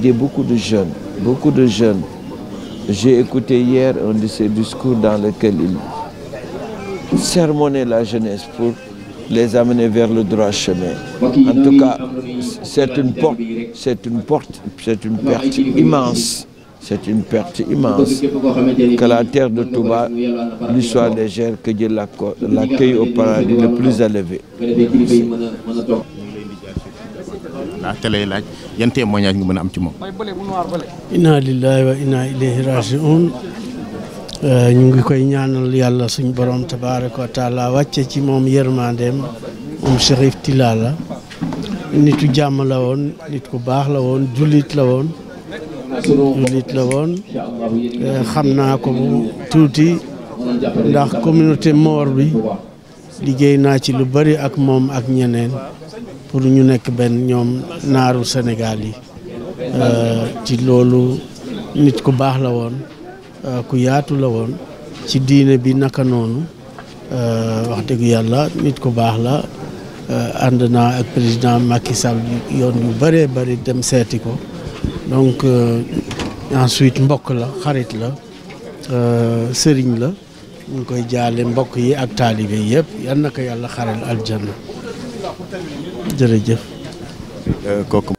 Il y a beaucoup de jeunes, beaucoup de jeunes. J'ai écouté hier un de ses discours dans lequel il sermonnait la jeunesse pour les amener vers le droit chemin. En tout cas, c'est une porte, c'est une perte immense. c'est une perte immense que la terre de Touba lui soit légère que Dieu l'accueille au paradis le plus élevé. ah télé laaj yan témoignage nga mën a am ci moom. inna lillahi wa inna ilayhi raji'un euh, ñu ngi koy ñaanal yàlla suñu borom tabaraka wa wàcce ci moom yërmandeem moom Chérif Tilla la nitu jàmm la woon nit ku baax la woon jullit la woon. sunu njiit la woon eh, xam naa ko bu tuuti ndax communauté Mor bi liggéey naa ci lu bari ak moom ak ñeneen pour ñu nekk benn ñoom naaru Sénégal yi eh, ci loolu nit ku baax la woon eh, ku yaatu la woon ci diine bi naka noonu wax dëgg yàlla nit ku baax la ànd naa ak président Macky yoon yu baree bari dem seeti ko donc euh, ensuite mbokk la xarit la euh, sëriñ la mu ngi koy jaale mbokk yi ak taalibe yi yëpp yal na ko yàlla xaral aljanna jërëjëf. Euh,